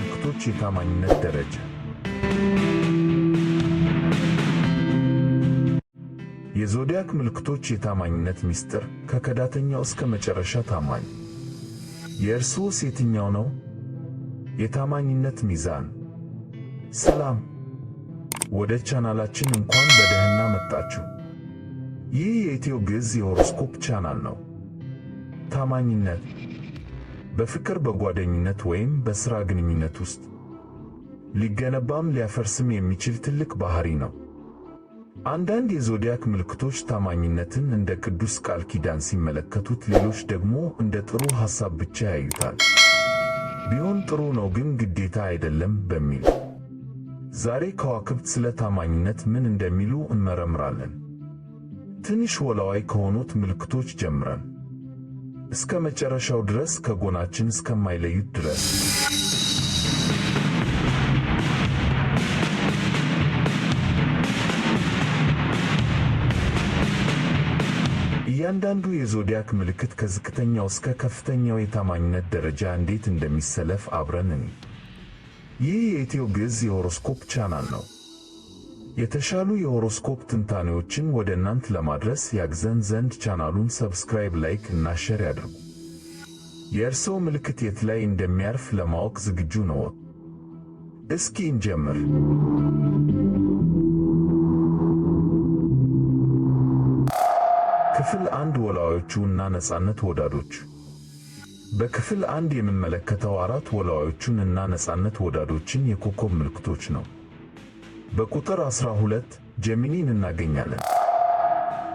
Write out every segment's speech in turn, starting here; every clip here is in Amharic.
ምልክቶች የታማኝነት ደረጃ የዞዲያክ ምልክቶች የታማኝነት ምስጢር ከከዳተኛው እስከ መጨረሻ ታማኝ። የእርስዎስ የትኛው ነው? የታማኝነት ሚዛን። ሰላም፣ ወደ ቻናላችን እንኳን በደህና መጣችሁ። ይህ የኢትዮ ግዕዝ የሆሮስኮፕ ቻናል ነው። ታማኝነት በፍቅር በጓደኝነት ወይም በሥራ ግንኙነት ውስጥ ሊገነባም ሊያፈርስም የሚችል ትልቅ ባሕሪ ነው። አንዳንድ የዞዲያክ ምልክቶች ታማኝነትን እንደ ቅዱስ ቃል ኪዳን ሲመለከቱት፣ ሌሎች ደግሞ እንደ ጥሩ ሐሳብ ብቻ ያዩታል። ቢሆን ጥሩ ነው ግን ግዴታ አይደለም በሚል ዛሬ ከዋክብት ስለ ታማኝነት ምን እንደሚሉ እንመረምራለን። ትንሽ ወላዋይ ከሆኑት ምልክቶች ጀምረን እስከ መጨረሻው ድረስ ከጎናችን እስከማይለዩት ድረስ እያንዳንዱ የዞዲያክ ምልክት ከዝቅተኛው እስከ ከፍተኛው የታማኝነት ደረጃ እንዴት እንደሚሰለፍ አብረን። ይህ የኢትዮ ግዕዝ የሆሮስኮፕ ቻናል ነው። የተሻሉ የሆሮስኮፕ ትንታኔዎችን ወደ እናንት ለማድረስ ያግዘን ዘንድ ቻናሉን ሰብስክራይብ፣ ላይክ እና ሼር ያድርጉ። የእርስዎ ምልክት የት ላይ እንደሚያርፍ ለማወቅ ዝግጁ ነው? እስኪ እንጀምር። ክፍል አንድ ወላዋዮቹ እና ነፃነት ወዳዶች። በክፍል አንድ የምንመለከተው አራት ወላዋዮቹን እና ነፃነት ወዳዶችን የኮከብ ምልክቶች ነው። በቁጥር 12 ጀሚኒን እናገኛለን።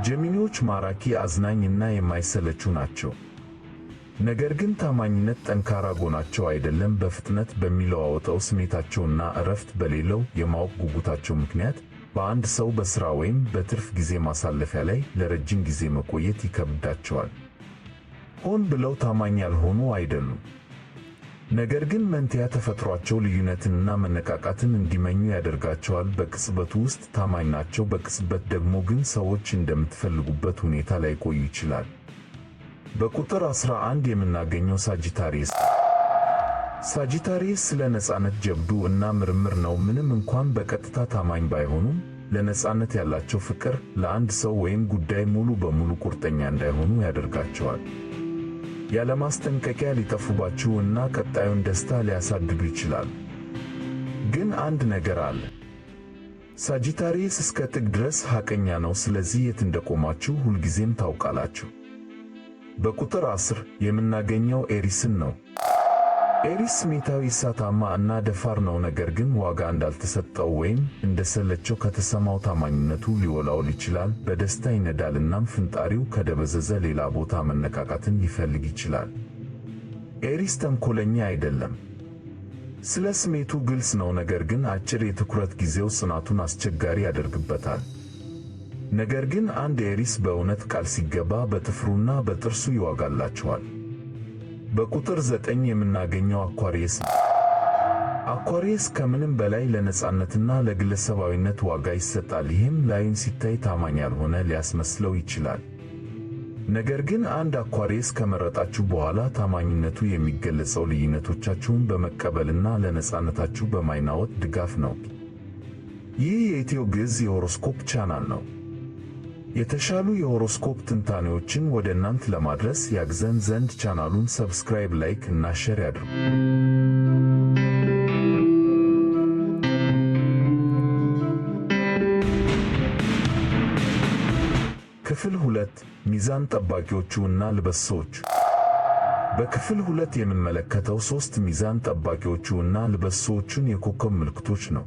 ጀሚኒዎች ማራኪ፣ አዝናኝና የማይሰለቹ ናቸው። ነገር ግን ታማኝነት ጠንካራ ጎናቸው አይደለም። በፍጥነት በሚለዋወጠው ስሜታቸውና እረፍት በሌለው የማወቅ ጉጉታቸው ምክንያት በአንድ ሰው በሥራ ወይም በትርፍ ጊዜ ማሳለፊያ ላይ ለረጅም ጊዜ መቆየት ይከብዳቸዋል። ሆን ብለው ታማኝ ያልሆኑ አይደሉም። ነገር ግን መንትያ ተፈጥሯቸው ልዩነትንና መነቃቃትን እንዲመኙ ያደርጋቸዋል። በቅጽበቱ ውስጥ ታማኝ ናቸው፣ በቅጽበት ደግሞ ግን ሰዎች እንደምትፈልጉበት ሁኔታ ላይ ቆዩ ይችላል። በቁጥር 11 የምናገኘው ሳጅታሪስ ሳጂታሪየስ ስለ ነፃነት ጀብዱ እና ምርምር ነው። ምንም እንኳን በቀጥታ ታማኝ ባይሆኑም ለነፃነት ያላቸው ፍቅር ለአንድ ሰው ወይም ጉዳይ ሙሉ በሙሉ ቁርጠኛ እንዳይሆኑ ያደርጋቸዋል። ያለማስጠንቀቂያ ሊጠፉባችሁ እና ቀጣዩን ደስታ ሊያሳድዱ ይችላል። ግን አንድ ነገር አለ። ሳጂታሪየስ እስከ ጥግ ድረስ ሐቀኛ ነው፣ ስለዚህ የት እንደቆማችሁ ሁልጊዜም ታውቃላችሁ። በቁጥር አስር የምናገኘው ኤሪስን ነው። ኤሪስ ስሜታዊ፣ እሳታማ እና ደፋር ነው። ነገር ግን ዋጋ እንዳልተሰጠው ወይም እንደሰለቸው ከተሰማው ታማኝነቱ ሊወላውል ይችላል። በደስታ ይነዳል እናም ፍንጣሪው ከደበዘዘ ሌላ ቦታ መነቃቃትን ሊፈልግ ይችላል። ኤሪስ ተንኮለኛ አይደለም። ስለ ስሜቱ ግልጽ ነው፣ ነገር ግን አጭር የትኩረት ጊዜው ጽናቱን አስቸጋሪ ያደርግበታል። ነገር ግን አንድ ኤሪስ በእውነት ቃል ሲገባ በጥፍሩና በጥርሱ ይዋጋላቸዋል። በቁጥር ዘጠኝ የምናገኘው አኳሪየስ ነው። አኳሪየስ ከምንም በላይ ለነጻነትና ለግለሰባዊነት ዋጋ ይሰጣል። ይህም ላይን ሲታይ ታማኝ ያልሆነ ሊያስመስለው ይችላል። ነገር ግን አንድ አኳሪየስ ከመረጣችሁ በኋላ ታማኝነቱ የሚገለጸው ልዩነቶቻችሁን በመቀበልና ለነጻነታችሁ በማይናወጥ ድጋፍ ነው። ይህ የኢትዮ ግዕዝ የሆሮስኮፕ ቻናል ነው። የተሻሉ የሆሮስኮፕ ትንታኔዎችን ወደ እናንት ለማድረስ ያግዘን ዘንድ ቻናሉን ሰብስክራይብ፣ ላይክ እና ሼር ያድርጉ። ክፍል ሁለት ሚዛን ጠባቂዎቹ እና ልበሶቹ። በክፍል ሁለት የምንመለከተው ሦስት ሚዛን ጠባቂዎቹ እና ልበሶቹን የኮከብ ምልክቶች ነው።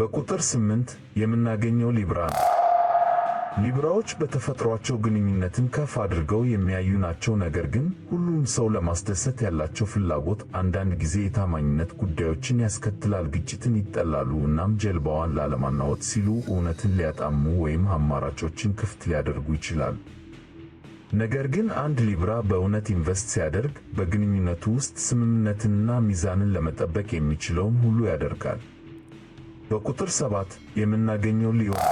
በቁጥር ስምንት የምናገኘው ሊብራ ነው። ሊብራዎች በተፈጥሯቸው ግንኙነትን ከፍ አድርገው የሚያዩ ናቸው። ነገር ግን ሁሉም ሰው ለማስደሰት ያላቸው ፍላጎት አንዳንድ ጊዜ የታማኝነት ጉዳዮችን ያስከትላል። ግጭትን ይጠላሉ፣ እናም ጀልባዋን ላለማናወጥ ሲሉ እውነትን ሊያጣሙ ወይም አማራጮችን ክፍት ሊያደርጉ ይችላል። ነገር ግን አንድ ሊብራ በእውነት ኢንቨስት ሲያደርግ በግንኙነቱ ውስጥ ስምምነትንና ሚዛንን ለመጠበቅ የሚችለውን ሁሉ ያደርጋል። በቁጥር ሰባት የምናገኘው ሊሆን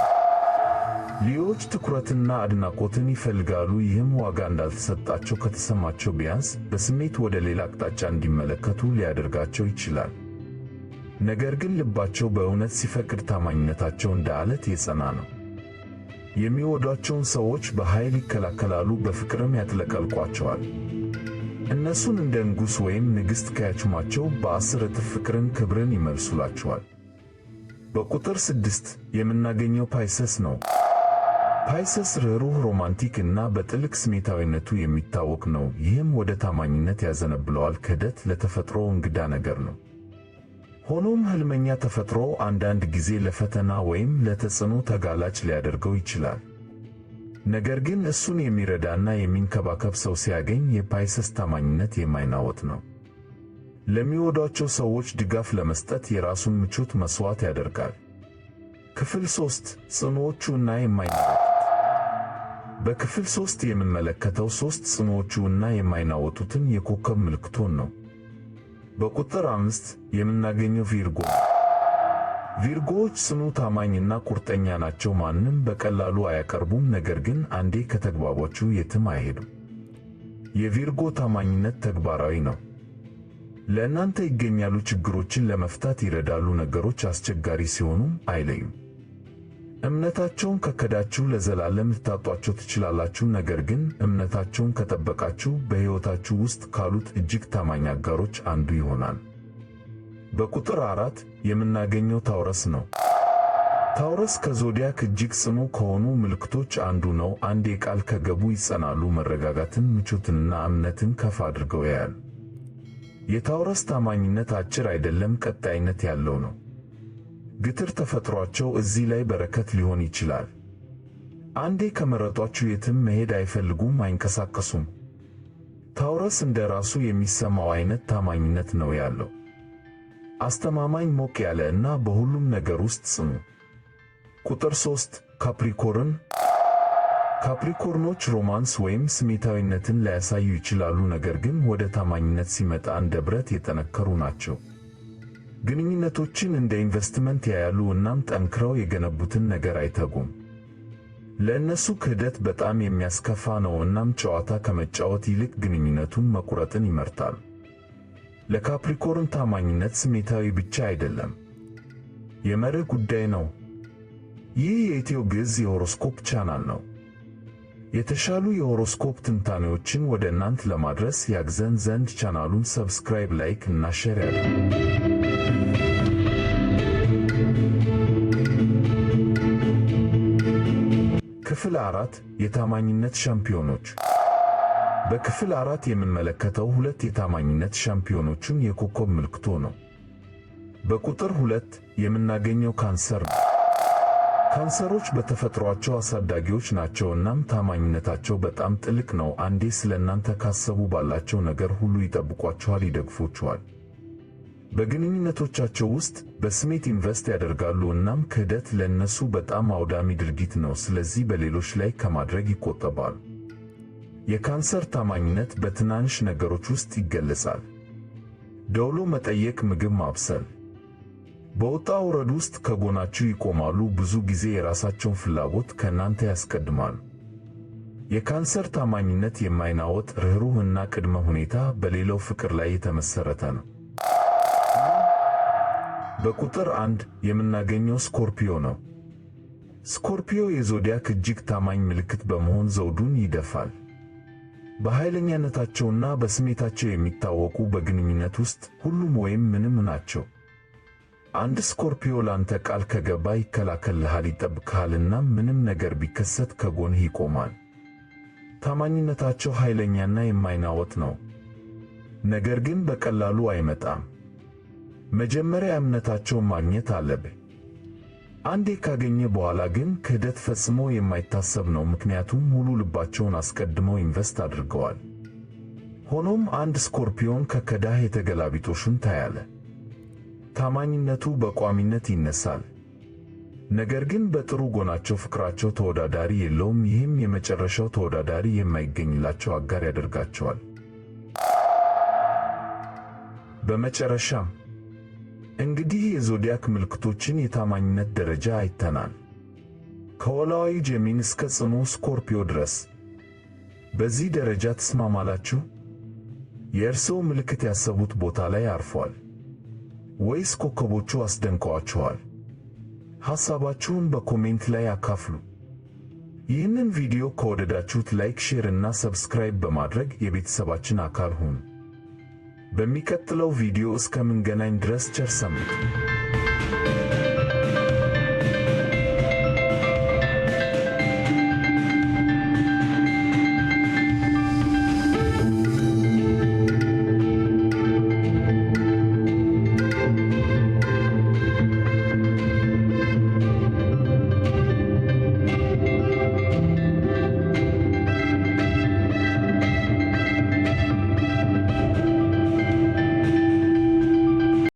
ሌሎች ትኩረትና አድናቆትን ይፈልጋሉ። ይህም ዋጋ እንዳልተሰጣቸው ከተሰማቸው ቢያንስ በስሜት ወደ ሌላ አቅጣጫ እንዲመለከቱ ሊያደርጋቸው ይችላል። ነገር ግን ልባቸው በእውነት ሲፈቅድ ታማኝነታቸው እንደ አለት የጸና ነው። የሚወዷቸውን ሰዎች በኃይል ይከላከላሉ፣ በፍቅርም ያጥለቀልቋቸዋል። እነሱን እንደ ንጉሥ ወይም ንግሥት ከያችማቸው በአስር እጥፍ ፍቅርን፣ ክብርን ይመልሱላቸዋል። በቁጥር ስድስት የምናገኘው ፓይሰስ ነው። ፓይሰስ ርኅሩኅ፣ ሮማንቲክ እና በጥልቅ ስሜታዊነቱ የሚታወቅ ነው፣ ይህም ወደ ታማኝነት ያዘነብለዋል። ክህደት ለተፈጥሮ እንግዳ ነገር ነው። ሆኖም ሕልመኛ ተፈጥሮ አንዳንድ ጊዜ ለፈተና ወይም ለተጽዕኖ ተጋላጭ ሊያደርገው ይችላል። ነገር ግን እሱን የሚረዳና የሚንከባከብ ሰው ሲያገኝ የፓይሰስ ታማኝነት የማይናወጥ ነው። ለሚወዷቸው ሰዎች ድጋፍ ለመስጠት የራሱን ምቾት መሥዋዕት ያደርጋል። ክፍል ሦስት ጽኖዎቹ እና የማይናወጥ በክፍል ሶስት የምንመለከተው ሶስት ጽኑዎቹ እና የማይናወጡትን የኮከብ ምልክቶን ነው። በቁጥር አምስት የምናገኘው ቪርጎ። ቪርጎዎች ጽኑ፣ ታማኝና ቁርጠኛ ናቸው። ማንም በቀላሉ አያቀርቡም፣ ነገር ግን አንዴ ከተግባቦቹ የትም አይሄዱም። የቪርጎ ታማኝነት ተግባራዊ ነው። ለእናንተ ይገኛሉ፣ ችግሮችን ለመፍታት ይረዳሉ፣ ነገሮች አስቸጋሪ ሲሆኑም አይለዩም። እምነታቸውን ከከዳችሁ ለዘላለም ልታጧቸው ትችላላችሁ። ነገር ግን እምነታቸውን ከጠበቃችሁ በሕይወታችሁ ውስጥ ካሉት እጅግ ታማኝ አጋሮች አንዱ ይሆናል። በቁጥር አራት የምናገኘው ታውረስ ነው። ታውረስ ከዞዲያክ እጅግ ጽኑ ከሆኑ ምልክቶች አንዱ ነው። አንዴ ቃል ከገቡ ይጸናሉ፣ መረጋጋትን፣ ምቾትንና እምነትን ከፍ አድርገው ያያል። የታውረስ ታማኝነት አጭር አይደለም፣ ቀጣይነት ያለው ነው። ግትር ተፈጥሯቸው እዚህ ላይ በረከት ሊሆን ይችላል። አንዴ ከመረጧችሁ የትም መሄድ አይፈልጉም፣ አይንቀሳቀሱም። ታውረስ እንደ ራሱ የሚሰማው አይነት ታማኝነት ነው ያለው። አስተማማኝ፣ ሞቅ ያለ እና በሁሉም ነገር ውስጥ ጽኑ። ቁጥር ሶስት ካፕሪኮርን ካፕሪኮርኖች ሮማንስ ወይም ስሜታዊነትን ላያሳዩ ይችላሉ፣ ነገር ግን ወደ ታማኝነት ሲመጣ እንደ ብረት የጠነከሩ ናቸው። ግንኙነቶችን እንደ ኢንቨስትመንት ያያሉ እናም ጠንክረው የገነቡትን ነገር አይተጉም። ለእነሱ ክህደት በጣም የሚያስከፋ ነው እናም ጨዋታ ከመጫወት ይልቅ ግንኙነቱን መቁረጥን ይመርጣል። ለካፕሪኮርን ታማኝነት ስሜታዊ ብቻ አይደለም፣ የመርህ ጉዳይ ነው። ይህ የኢትዮ ግዕዝ የሆሮስኮፕ ቻናል ነው። የተሻሉ የሆሮስኮፕ ትንታኔዎችን ወደ እናንት ለማድረስ ያግዘን ዘንድ ቻናሉን ሰብስክራይብ፣ ላይክ እና ሼር ያድርጉ። ክፍል አራት የታማኝነት ሻምፒዮኖች። በክፍል አራት የምንመለከተው ሁለት የታማኝነት ሻምፒዮኖችን የኮከብ ምልክቶ ነው። በቁጥር ሁለት የምናገኘው ካንሰር ነው። ካንሰሮች በተፈጥሯቸው አሳዳጊዎች ናቸው፣ እናም ታማኝነታቸው በጣም ጥልቅ ነው። አንዴ ስለ እናንተ ካሰቡ ባላቸው ነገር ሁሉ ይጠብቋችኋል፣ ይደግፎችኋል። በግንኙነቶቻቸው ውስጥ በስሜት ኢንቨስት ያደርጋሉ። እናም ክህደት ለእነሱ በጣም አውዳሚ ድርጊት ነው፣ ስለዚህ በሌሎች ላይ ከማድረግ ይቆጠባሉ። የካንሰር ታማኝነት በትናንሽ ነገሮች ውስጥ ይገለጻል። ደውሎ መጠየቅ፣ ምግብ ማብሰል፣ በውጣ ውረድ ውስጥ ከጎናችሁ ይቆማሉ። ብዙ ጊዜ የራሳቸውን ፍላጎት ከእናንተ ያስቀድማሉ። የካንሰር ታማኝነት የማይናወጥ ርኅሩህና ቅድመ ሁኔታ በሌለው ፍቅር ላይ የተመሠረተ ነው። በቁጥር አንድ የምናገኘው ስኮርፒዮ ነው። ስኮርፒዮ የዞዲያክ እጅግ ታማኝ ምልክት በመሆን ዘውዱን ይደፋል። በኃይለኛነታቸውና በስሜታቸው የሚታወቁ በግንኙነት ውስጥ ሁሉም ወይም ምንም ናቸው። አንድ ስኮርፒዮ ላንተ ቃል ከገባ ይከላከልልሃል፣ ይጠብቅሃልና ምንም ነገር ቢከሰት ከጎንህ ይቆማል። ታማኝነታቸው ኃይለኛና የማይናወጥ ነው። ነገር ግን በቀላሉ አይመጣም። መጀመሪያ እምነታቸውን ማግኘት አለብህ። አንዴ ካገኘ በኋላ ግን ክህደት ፈጽሞ የማይታሰብ ነው፣ ምክንያቱም ሙሉ ልባቸውን አስቀድመው ኢንቨስት አድርገዋል። ሆኖም አንድ ስኮርፒዮን ከከዳህ የተገላቢጦሽን ታያለ። ታማኝነቱ በቋሚነት ይነሳል። ነገር ግን በጥሩ ጎናቸው ፍቅራቸው ተወዳዳሪ የለውም። ይህም የመጨረሻው ተወዳዳሪ የማይገኝላቸው አጋር ያደርጋቸዋል። በመጨረሻም እንግዲህ የዞዲያክ ምልክቶችን የታማኝነት ደረጃ አይተናል፣ ከወላዋዊ ጀሚን እስከ ጽኑ ስኮርፒዮ ድረስ። በዚህ ደረጃ ትስማማላችሁ? የእርስዎ ምልክት ያሰቡት ቦታ ላይ አርፏል ወይስ ኮከቦቹ አስደንቀዋችኋል? ሐሳባችሁን በኮሜንት ላይ አካፍሉ። ይህንን ቪዲዮ ከወደዳችሁት ላይክ፣ ሼር እና ሰብስክራይብ በማድረግ የቤተሰባችን አካል ሁኑ። በሚቀጥለው ቪዲዮ እስከምንገናኝ ድረስ ቸር ሰንብቱ።